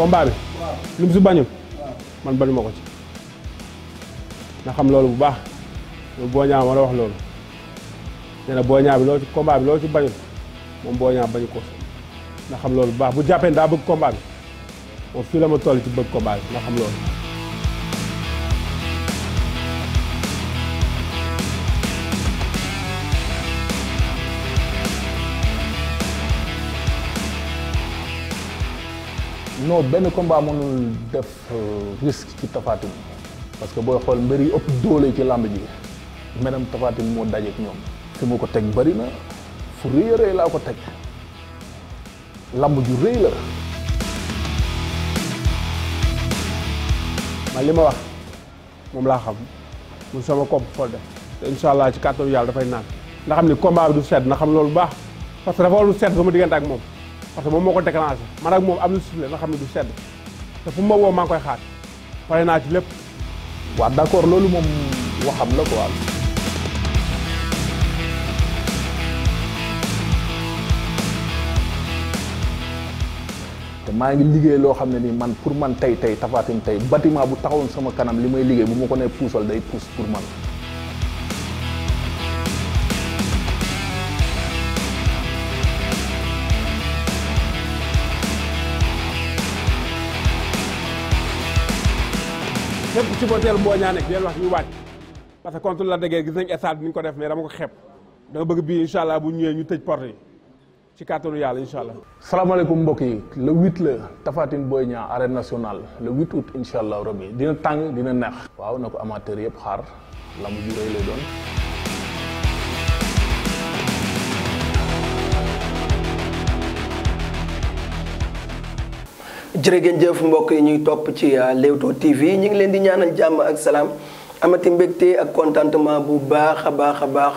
combat bi. lu si bañul. man bañu ma ko ci. na xam loolu bu baax loolu boo ñaaw ma wax loolu nee na boo ñaaw bi loolu ci combat loolu ci bañul moom boo ñaaw bañu ko na xam loolu bu baax bu jàppee daa bëgg combat oo fii la ma toll ci bëgg combat bi na xam loolu. non benn combat mënul def euh, risque ci Tafatine parce que booy xool mbir yi ëpp doole ci làmb ji menam Tafatine moo dajeek ñoom fi mu ko teg bari na fu rëy a rëy laa ko teg làmb ju rëy la man li ma wax moom laa xam mun sama kopp Fodé te incha ci kàttan yàlla dafay naan nga xam ni combat bi du sedd na xam loolu baax parce que dafa war lu sedd sama diggante ak moom parce que moom moo ko déclenché man ak moom am na suuf la nga xam ne du sedd te fu ma woo maa ngi koy xaar pare naa ci lépp. waaw d'accord loolu moom waxam la quoi. te maa ngi liggéey loo xam ne nii man pour man tey tey Tapha tey bâtiment bu taxawoon sama kanam li may liggéey bu ma ko ne puusal day puus pour man. fépp ci boteel Mboñaa nekk leen wax ñu wàcc parce que contre la déggee gis nañ stade bi ñu ko def mais dama ko xeeb dama bëgg bii incha allah bu ñëwee ñu tëj porte yi ci kàttanu yàlla incha allah. salaamaaleykum mbokk yi le huit la tafaatin Tine ñaa Niang national nationale le huit août incha allah rabbi dina tàng dina neex. waaw na ko amateur yëpp xaar lamb ju rëy lay doon. jërëjëf mbokk yi ñuy topp ci euh, Leewtoo TV ñu ngi leen di ñaanal jàmm ak salaam amati mbégte ak contentement bu baax a baax a baax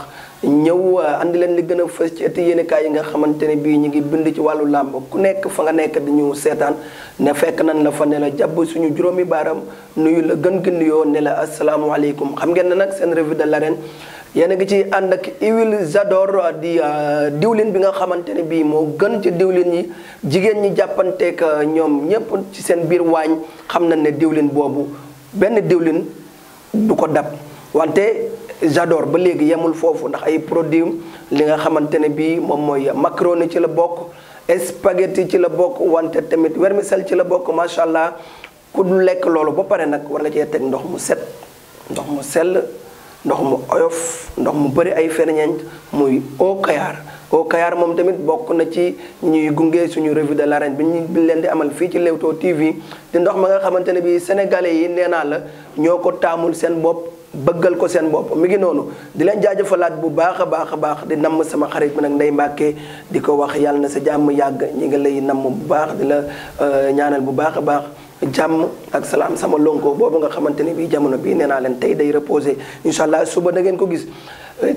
ñëw euh, andi leen li gën a fës ci ëtt yéenekaay yi nga xamante ne bii ñu ngi bind ci wàllu làmb ku nekk fa nga nekk di ñu seetaan ne fekk nan la fa ne la jàpp suñu juróomi baaraam nuyu la gën gën nuyoo ne la asalaamualeykum xam ngeen ne nag seen revue de l'arène yéen a ngi ci ànd ak huile Zador di euh, diwlin bi nga xamante ne bii moo gën ci diwlin yi jigéen ñi jàppanteek euh, ñoom ñépp ci seen biir waañ xam na ne diwlin boobu benn diwlin du ko dab wante Zador ba léegi yemul foofu ndax ay produits li nga xamante ne bii moom mooy macaroni ci la bokk spaghetti ci la bokk wante tamit vermicelle ci la bokk macha allah ku du lekk loolu ba pare nag war nga cee teg ndox mu set ndox mu sell ndox mu oyof ndox mu bëri ay ferñeent muy Eau Kayar Eau Kayar moom tamit bokk na ci ñuy gunge suñu revue de la l'arène bi ñu leen di amal fii ci Leewtoo TV di ndox ma nga xamante ne bii sénégalais yi nee naa la ñoo ko taamul seen bopp bëggal ko seen bopp mi ngi noonu di leen jaajëfalaat bu baax a baax a baax di namm sama xarit bi nag Ndeye Mbacke di ko wax yàlla na sa jàmm yàgg ñi nga lay namm bu baax di la euh, ñaanal bu baax a baax. jàmm ak salaam sama lonko boobu nga xamante ni bii jamono bii nee naa leen tey day reposé incha allah suba da ngeen ko gis.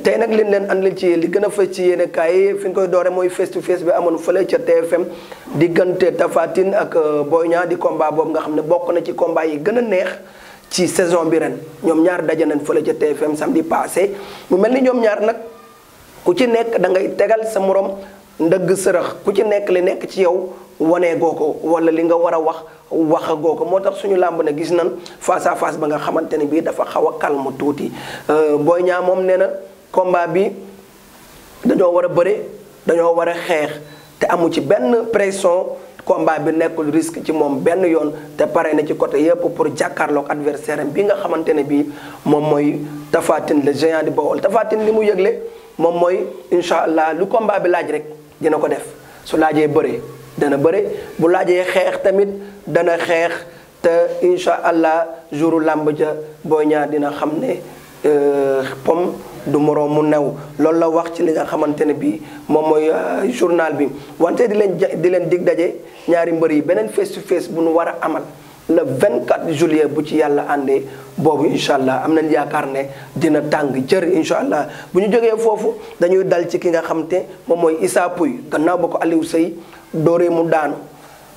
tey nag leen leen àndal ci li gën a fës ci yéen kaay fi ñu koy doore mooy face to face bi amoon fële ca TFM diggante Tapha ak euh, Boy Niang di combat boobu nga xam ne bokk na ci combat yi gën a neex. ci saison bi ren ñoom ñaar daje nañ fële ca TFM di passé mu mel ni ñoom ñaar nag ku ci nekk da ngay tegal sa morom ndëgg sërëx ku ci nekk li nekk ci yow waneegoo ko wala li nga war a wax. wax a googu moo tax suñu làmb ne gis nan face à face ba nga xamante ne bii dafa xaw a calme tuuti euh, booy Niang moom nee na combat bi dañoo war a bëre dañoo war a xeex te amu ci benn pression combat bi nekkul risque ci moom benn yoon te pare na ci côté yépp pour jàkkarlook adversaire am bi nga xamante ne bii moom mooy Tapha Tine le géant du Baol Tapha li mu yëgle moom mooy incha allah lu combat bi laaj rek dina ko def su laajee bëree. dana bëre bu laajee xeex tamit dana xeex te incha allah jouru làmb ja Boy ñaar dina xam ne euh, pom du moroom mu new loolu la wax ci li nga xamante ne bii moom mooy euh, journal bi wante di leen di leen dig daje ñaari mbër yi beneen face to face bu nu war a amal le 24 juillet bu ci yàlla àndee boobu incha allah am nañ yaakaar ne dina tàng jër incha allah bu ñu jógee foofu dañuy dal ci ki nga xam te moom mooy Issa Pouye gannaaw ba ko Aliou Seye dooree mu daan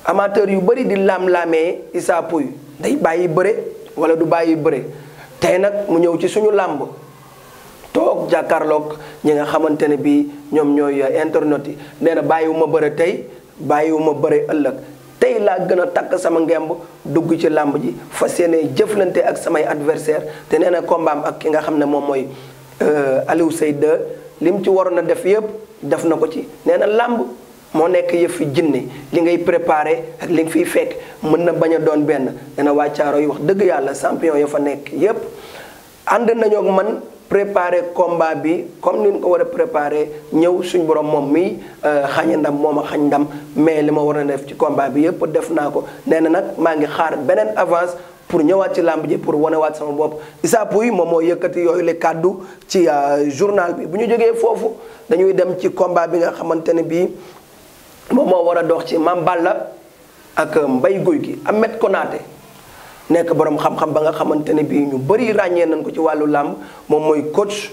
amateur yu bëri di laam-laamee Issa yi day bàyyi bëre wala du bàyyi bëre tey nag mu ñëw ci suñu làmb toog jàkkaarloog ñi nga xamante ne bii ñoom ñooy internet yi nee na ma bëre tey bàyyiwu ma bëre ëllëg tey laa gën a takk sama ngemb dugg ci làmb ji fa yéene jëflante ak samay adversaire te nee na kombaam ak ki nga xam ne moom mooy euh, Aliou Seyde lim ci waroon a def yëpp def na ko ci nee na làmb moo nekk yëfi jinne li ngay préparer ak li nga fiy fekk mën na bañ a doon benn dana waa caaro yi wax dëgg yàlla champion ya fa nekk yépp ànd nañu man préparé combat bi comme ni ko war a préparé ñëw suñu borom moom mi euh, xañe ndam moom xañ ndam mais li ma war a def ci combat bi yépp def naa ko nee na nag maa ngi xaar beneen avance pour ñëwaat ci làmb ji pour wanewaat sama bopp Issa yi moom moo yëkkati yooyu le kàddu ci euh, journal bi bu ñu jógee foofu dañuy dem ci combat bi nga xamante ne bii moom moo war a dox ci Mame la ak mbay Guy gi Ahmed Konaté nekk boroom xam-xam ba nga xamante ne bii ñu bëri ràññee nañ ko ci wàllu làmb moom mooy coach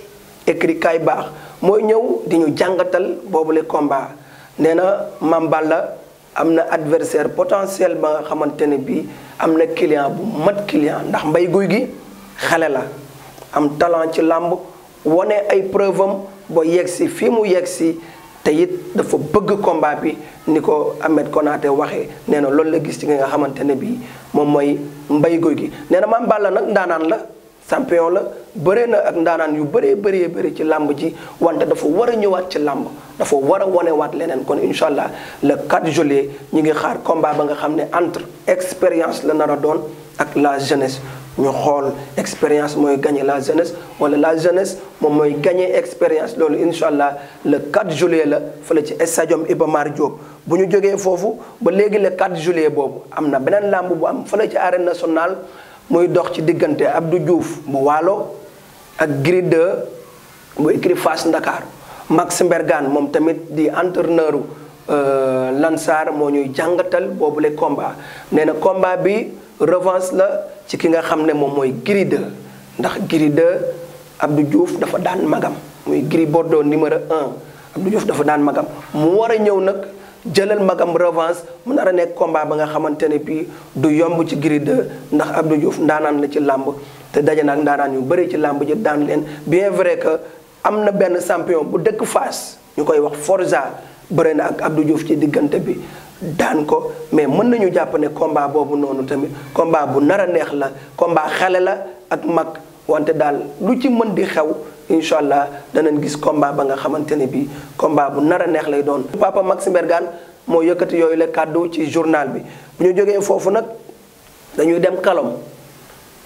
écrit kaay baax mooy ñëw di ñu jàngatal boobule combat nee na Mame Balla am na adversaire potentiel ba nga xamante ne bii am na client bu mat client ndax mbay Guy gi xale la am talent ci làmb wane ay preuve am ba yegg si fii mu yegg si te it dafa bëgg combat bi ni ko amet konaate waxee nee na loolu la gis ci nga xamante ne bii moom mooy mbay guy gi neena ma maam Balla nag ndaanaan la champion la bëree na ak ndaanaan yu bëree bëree bëri ci làmb ji wante dafa war a ñëwaat ci làmb dafa war a wanewaat leneen kon incha allah le 4 juillet ñi ngi xaar combat ba nga xam ne entre expérience la nar a doon ak la jeunesse ñu xool expérience mooy gagné la jeunesse wala la jeunesse moom mooy gagné expérience loolu incha allah le 4 juillet la fële ci stadium Iba Mar Diop. bu ñu jógee foofu ba léegi le 4 juillet boobu am na beneen làmb bu am fële ci arène nationale muy dox ci diggante Abdou juuf bu Waalo ak Gris 2 bu écrit Fass Ndakar Max Mbergane moom tamit di entraîneur euh, Lansar moo ñuy jàngatal boobu le combat nee na bi revanche la. ci ki nga xam ne moom mooy Gris 2 ndax Gris 2 Abdou Diouf dafa daan magam muy Gris Bordeaux numéro 1 Abdou juuf dafa daan magam mu war a ñëw nag jëlal magam revanche mu nar a nekk combat ba nga xamante ne bii du yomb ci Gris 2 ndax Abdou Diouf ndaanaan la ci làmb te daje nag ndaanaan yu bëri ci làmb ji daan leen bien vrai que am na benn champion bu dëkk Fass ñu koy wax Forza bëre na ak Abdou juuf ci diggante bi daan ko mais mën nañu jàpp ne combat boobu noonu tamit combat bu nar a neex la combat xale la ak mag wante daal lu ci mën di xew incha allah danañ gis combat ba nga xamante ne bii combat bu nar a neex lay doon. Papa Maxime Bergane moo yëkkati yooyu la kàddu ci journal bi bu ñu jógee foofu nag dañuy dem kalom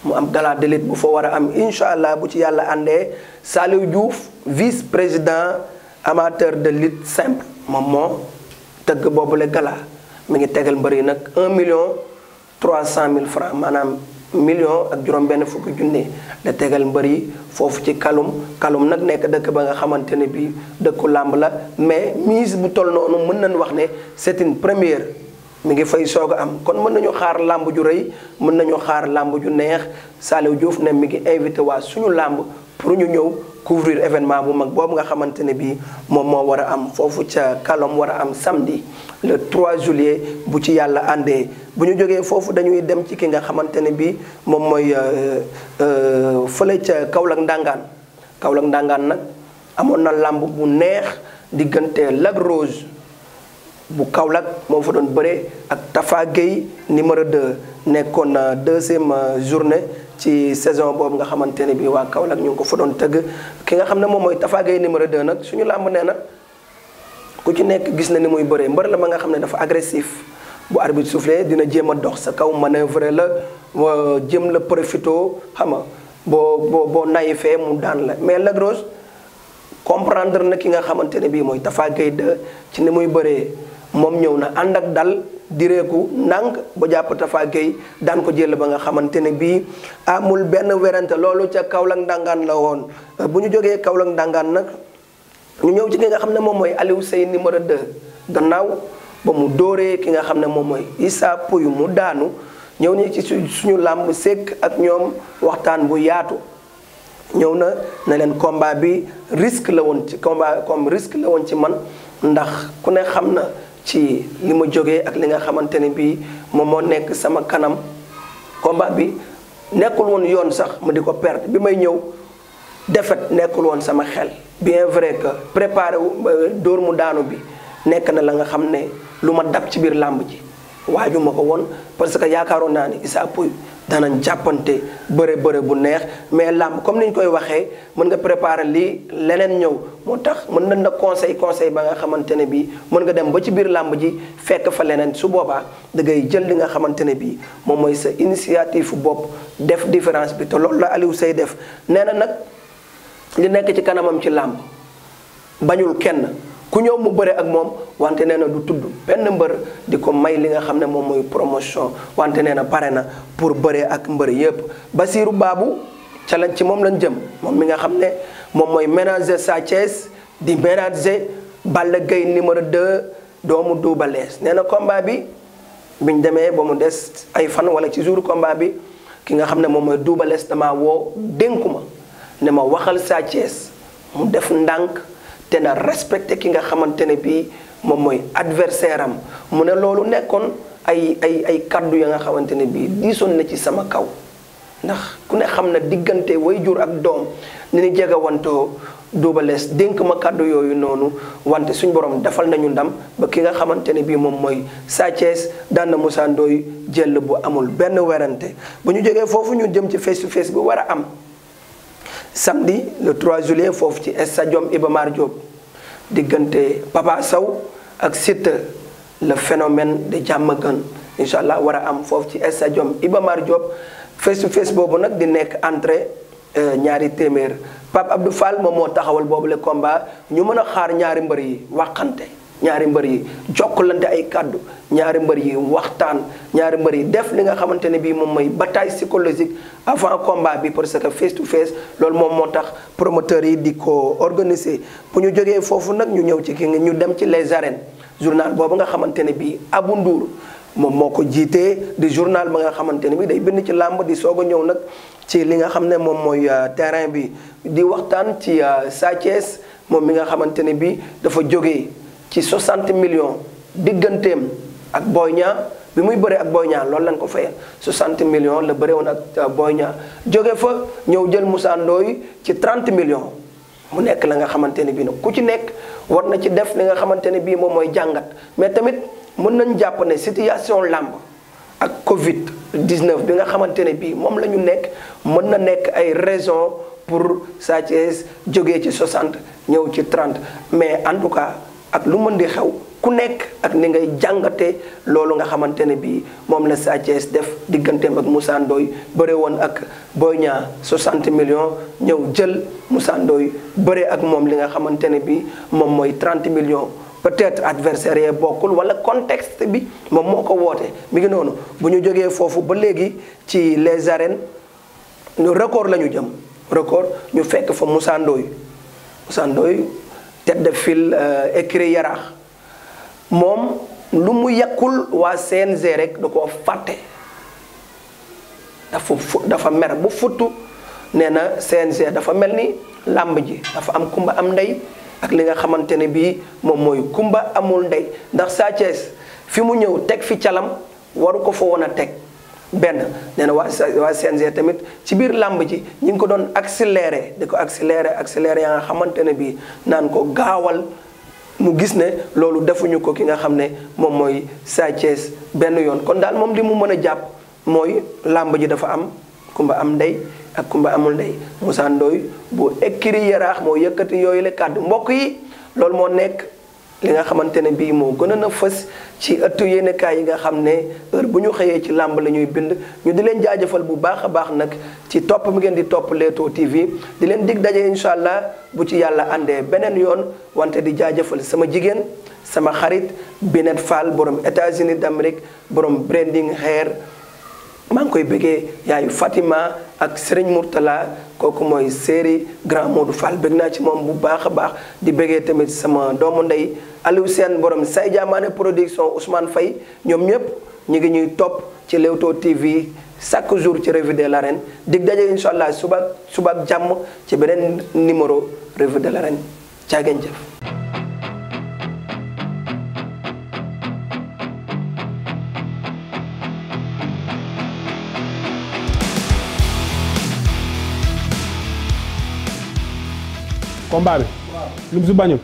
mu am gala délit bu fa war a am incha allah bu ci yàlla àndee Saliou Diouf vice président amateur de lutte simple moom moo. boobu boobule gala mi ngi tegal mbër yi nag 1 million cent mille francs maanaam million ak juróom-benn fukki junne da tegal mbër yi foofu ci kalum kalum nag nekk dëkk ba nga xamante ne bii dëkku làmb la mais mise bu toll noonu mën nañu wax ne c'est une première mi ngi fay soog a am kon mën nañu xaar làmb ju rey mën nañu xaar làmb ju neex Saliou Diouf ne mi ngi invité waa suñu làmb pour ñu ñëw couvrir événement bu mag boobu nga xamante ne bii moom moo war a am foofu ca Kalom war a am samedi le trois juillet bu ci yàlla àndee bu ñu jógee foofu dañuy dem ci ki nga xamante ne bii moom mooy euh, euh, fële ca Kaolack Ndangaan Kaolack Ndangaan nag amoon na làmb bu neex diggante Lac Rose bu Kaolack moo fa doon bëre ak Tafa Gueye numéro 2 nekkoon deuxième euh, journée. ci saison boobu nga xamante ne bii waa Kaolack ñu ngi ko fa doon tëgg ki nga xam ne moom mooy Tafa Gueye numéro 2 nag suñu làmb nee na ku ci nekk gis na ni muy bëree mbër la ma nga xam ne dafa agressif bu arbitre soufflé dina jéem a dox sa kaw manœuvre la jëm la profito xam nga boo boo boo nayi fee mu daan la mais Lac Rose comprendre na ki nga xamante ne bii mooy Tafa Gueye ci ne muy bëree moom ñëw na ànd ak dal. direeku ndànk ba jàpp Tafa Gueye daan ko jël ba nga xamante ne bii amul benn werante loolu ca Kaolack ndàngaan la woon bu ñu jógee Kaolack ndàngaan nag ñu ñëw ci ki nga xam ne moom mooy Aliou Seye numéro 2 gannaaw ba mu dóoree ki nga xam ne moom mooy Issa Pouye mu daanu ñëw ni ci suñu làmb sekk ak ñoom waxtaan bu yaatu ñëw na ne leen combat bi risque la woon ci combat comme risque la woon ci man ndax ku ne xam na ci li ma jógee ak li nga xamante ne bii moom moo nekk sama kanam combat bi nekkul woon yoon sax ma di ko perdre bi may ñëw défaite nekkul woon sama xel bien vrai que préparé dóor mu daanu bi nekk na la nga xam ne lu ma dab ci biir làmb ji waaju ma ko woon parce que yaakaaroon naa ni Issa Pouye danañ jàppante bëre bëre bu neex mais làmb comme ni ñu koy waxee mën nga préparer lii leneen ñëw moo tax mën nañ na conseil conseil ba nga xamante ne bii mën nga dem ba ci biir làmb ji fekk fa leneen su boobaa da ngay jël li nga xamante ne bii moom mooy sa initiative bopp def différence bi te loolu la Aliou say def nee na nag li nekk ci kanamam ci làmb bañul kenn. ku ñëw mu bëre ak moom wante nee na du tudd benn mbër di ko may li nga xam ne moom mooy promotion wante nee na pare na pour bëre ak mbër yépp basiiru Babou ca lañ ci moom lañ jëm moom mi nga xam ne moom mooy ménager Sa Thiès di ménager Balla Gaye numéro 2 doomu Double Less nee na combat bi biñ demee ba mu des ay fan wala ci jour combat bi ki nga xam ne moom mooy Double Less dama woo dénku ma ne ma waxal Sa mu def ndànk te na respecté ki nga xamante ne bii moom mooy adversaire am mu ne loolu nekkoon ay ay ay kaddu ya nga xamante ne bii diisoon na ci sama kaw ndax ku ne xam na diggante way jur ak doom ni ni jege wantoo Double dénk ma kàddu yooyu noonu wante suñ borom defal nañu ndam ba ki nga xamante ne bii moom mooy Sa Thiès daan na Moussa Ndoye jël bu amul benn werante bu ñu jógee foofu ñu jëm ci face to face bi war a am samedi le 3 juillet foofu ci stadium Iba Mar Diop diggante Papa saw ak Siteu le phénomène de Diamaguène incha allah war a am foofu ci stadium Iba Mar Diop face to face boobu nag di nekk entrée euh, ñaari téeméer Pape Abdou Fall moom moo taxawal boobu le combat ñu mën a xaar ñaari mbër yi waxante. ñaari mbër yi jokkalante ay kàddu ñaari mbër yi waxtaan ñaari mbër yi def li nga xamante ne bii moom mooy bataille psychologique avant combat bi parce que face to face loolu moom moo tax promoteurs yi di ko organiser bu ñu jógee foofu nag ñu ñëw ci ki nga ñu dem ci les arènes journal boobu nga xamante ne bii Abou moom moo ko jiitee di journal ba nga xamante ne bii day bind ci làmb di soog a ñëw nag ci li nga xam ne moom mooy euh, terrain bi di waxtaan ci euh, Sa Thiès moom mi nga xamante ne bii dafa jógee. ci 60 million digganteem ak Boy Niang bi muy bëree ak Boy ñaar loolu lañ ko fayal 60 million la bëree woon ak euh, Boy Niang jóge fa ñëw jël Moussa Ndoye ci trente millions mu nekk la nga xamante ne bii nag ku ci nekk war na ci def li nga xamante ne bii moom mooy jàngat mais tamit mën nañ jàpp ne situation làmb ak Covid 19 bi nga xamante ne bii moom la ñu nekk mën na nekk ay raison pour Sa Thiès jóge ci 60 ñëw ci 30 mais en tout cas. ak lu mën di xew ku nekk ak ni ngay jàngate loolu nga xamante ne bii moom la Sa Thiès def digganteem ak Moussa Ndoye bëre woon ak Boy Niang 60 million ñëw jël Moussa Ndoye bëre ak moom li nga xamante ne bii moom mooy trente million peut-être adversaire yee bokkul wala contexte bi moom moo ko woote mi ngi noonu bu ñu jógee foofu ba léegi ci les arènes ñu record la ñu jëm record ñu fekk fa Moussa Ndoye tête de file euh, écurie Yaraax moom lu mu yàqul waa CNG rek da koo fàtte dafa dafa mer bu futtu nee na CNG dafa mel ni làmb ji dafa am kumba am ndey ak li nga xamante ne bii moom mooy kumba amul ndey ndax Sa fi mu ñëw teg fi calam waru ko fa woon a teg benn nee na waa waa CNG tamit ci biir làmb ji ñu ngi ko doon accéléré di ko accéléré accéléré yaa nga xamante ne bii naan ko gaawal mu gis ne loolu defuñu ko ki nga xam ne moom mooy Sa Thiès benn yoon kon daal moom li mu mën a jàpp mooy làmb ji dafa am kumba am ndey ak kumba amul ndey Moussa Ndoye bu écrit yaraax moo yëkkati yooyu la kàddu mbokk yi loolu moo nekk li nga xamante ne bii moo gën a na fës ci ëttu yéenekaay yi nga xam ne heure bu ñu xëyee ci làmb la ñuy bind ñu di leen jaajëfal bu baax a baax nag ci topp mi ngeen di topp Leewtoo TV di leen dig daje incha allah bu ci yàlla àndee beneen yoon wante di jaajëfal sama jigéen sama xarit Binet Fall borom États-Unis d'Amérique borom branding hair maa ngi koy bëggee yaayu Fatima ak Serigne Mourtala kooku mooy séeri grand Modou Fall bëgg naa ci moom bu baax a baax di bëggee tamit sama doomu ndey Aliou Sène borom say jaamaane production Ousmane fay ñoom ñëpp ñu ngi ñuy topp ci Leewtoo TV chaque jour ci revue la l'arène dig daje incha allah suba suba jàmm ci beneen numéro revue de l'arène caa ngeen combat bi. lu mu si bañul.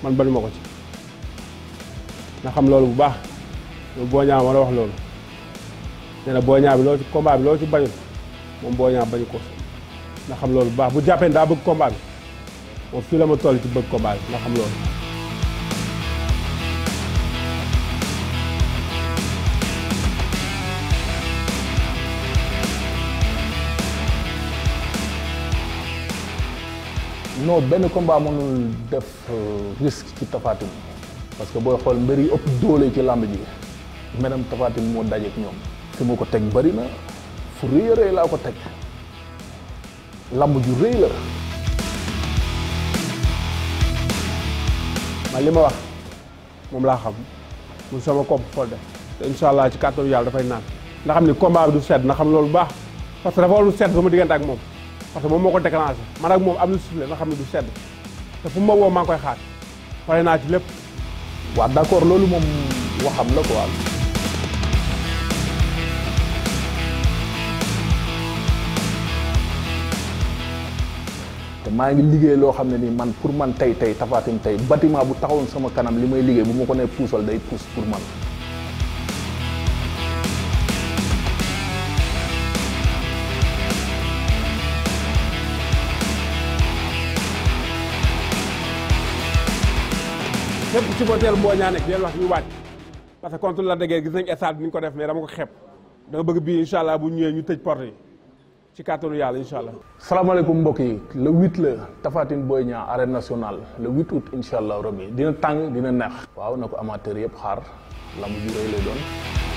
man bañu ma ko ci. na xam loolu bu baax loolu boo ma la wax loolu nee na boo ñaaw bi loo ci combat bi loo bañul moom boo bañu ko na xam loolu bu baax bu jàppee daa bëgg combat oo moom fii la ma toll ci bëgg combat bi na xam loolu. non benn combat mënul def euh, risque ci Taphatine parce que booy xool mbir yi ëpp doole ci làmb ji menam Taphatine moo dajeek ñoom fi ma ko teg bari na fu rëy a laa ko teg làmb ju rëy la man li ma wax moom laa xam mun sama kopp xol de te incha allah ci kàttanu yàlla dafay naan nga xam ni combat bi du sedd na xam loolu baax parce que dafa war lu sedd sama diggante ak moom parce que moom moo ko déclenché man ak moom am lu sifle nga xam ne du sedd te fu ma woo maa koy xaar pare naa ci lépp. waaw d'accord loolu moom waxam la quoi. te maa ngi liggéey loo xam ne ni man pour man tey tey Tapha Tine tey bâtiment bu taxawoon sama kanam li may liggéey bu ma ko nee puusal day puus pour man. képp ci ba teel Mboñaa nekk del wax ñu wàcc parce que contre la déggee gis nañ stade bi ni ñu ko def mais dama ko xeeb dama bëgg bii incha allah bu ñëwee ñu tëj porte yi ci kàttanu yàlla incha allah. salaamaaleykum mbokk yi le huit la Tapha Tine ñaa Niang arène nationale le huit août incha allah rabbi dina tàng dina neex. waaw na ko amateur yëpp xaar la ju rëy lay doon.